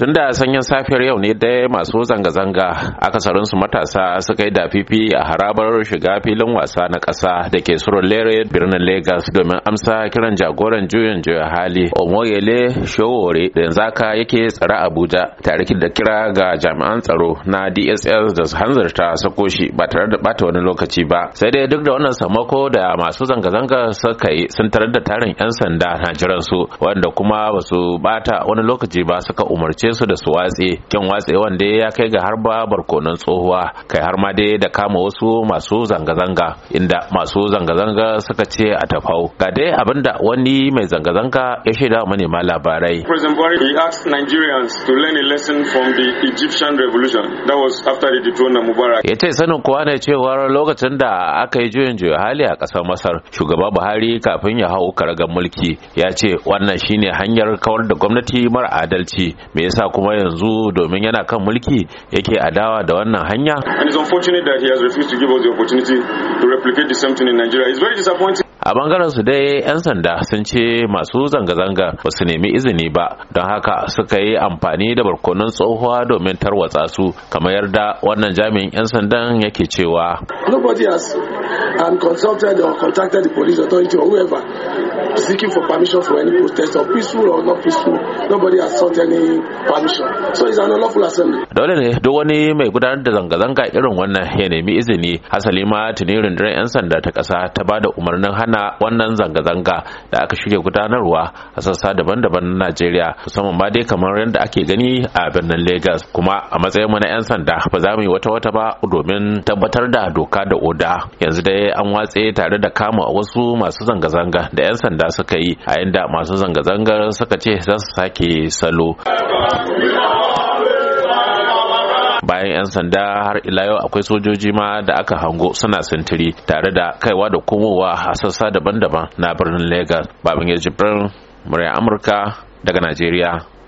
tun da sanyin safiyar yau ne dai masu zanga-zanga akasarinsu matasa suka yi dafifi a harabar shiga filin wasa na ƙasa da ke surulere birnin lagos domin amsa kiran jagoran juyin juya hali omoyele showore da yanzu aka yake tsara abuja tare da kira ga jami'an tsaro na dss da su hanzarta sako shi ba tare da bata wani lokaci ba sai dai duk da wannan samako da masu zanga-zanga suka yi sun tarar da tarin 'yan sanda na su wanda kuma ba su bata wani lokaci ba suka umarce su da su watse kin watse wanda ya kai ga har ba barkonon tsohuwa kai har ma dai da kama wasu masu zanga-zanga inda masu zanga-zanga suka ce a tafau ga dai abinda wani mai zanga-zanga ya shaida manema labarai President Buhari he asked revolution that Mubarak yace sanin kowa ne cewa lokacin da aka yi juyin juya hali a kasar Masar shugaba Buhari kafin ya hau karagar mulki ya ce wannan shine hanyar kawar da gwamnati mara adalci me yasa yasa kuma yanzu domin yana kan mulki yake adawa da wannan hanya a bangaren su dai 'yan sanda sun ce masu zanga-zanga ba su nemi izini ba don haka suka yi amfani da barkonon tsohuwa domin tarwatsa su kamar yarda wannan jami'in 'yan sandan yake cewa and consulted or contacted the police authority or whoever seeking for permission for any protest or peaceful or not peaceful nobody has sought any permission so it's an unlawful assembly dole ne duk wani mai gudanar da zanga-zanga irin wannan ya nemi izini hasali ma tuni rundunar 'yan sanda ta ƙasa ta ba da umarnin hana wannan zanga-zanga da aka shirya gudanarwa a sassa daban-daban na najeriya musamman ma dai kamar yadda ake gani a birnin lagos kuma a matsayin mu na 'yan sanda ba za mu yi wata-wata ba domin tabbatar da doka da oda yanzu yanzu dai an watse tare da kama wasu masu zanga-zanga da 'yan sanda suka yi a inda masu zanga zanga suka ce za su sake salo bayan 'yan sanda har ila yau akwai sojoji ma da aka hango suna sintiri tare da kaiwa da komowa a sassa daban-daban na birnin lagos babin ya jibrin murya amurka daga najeriya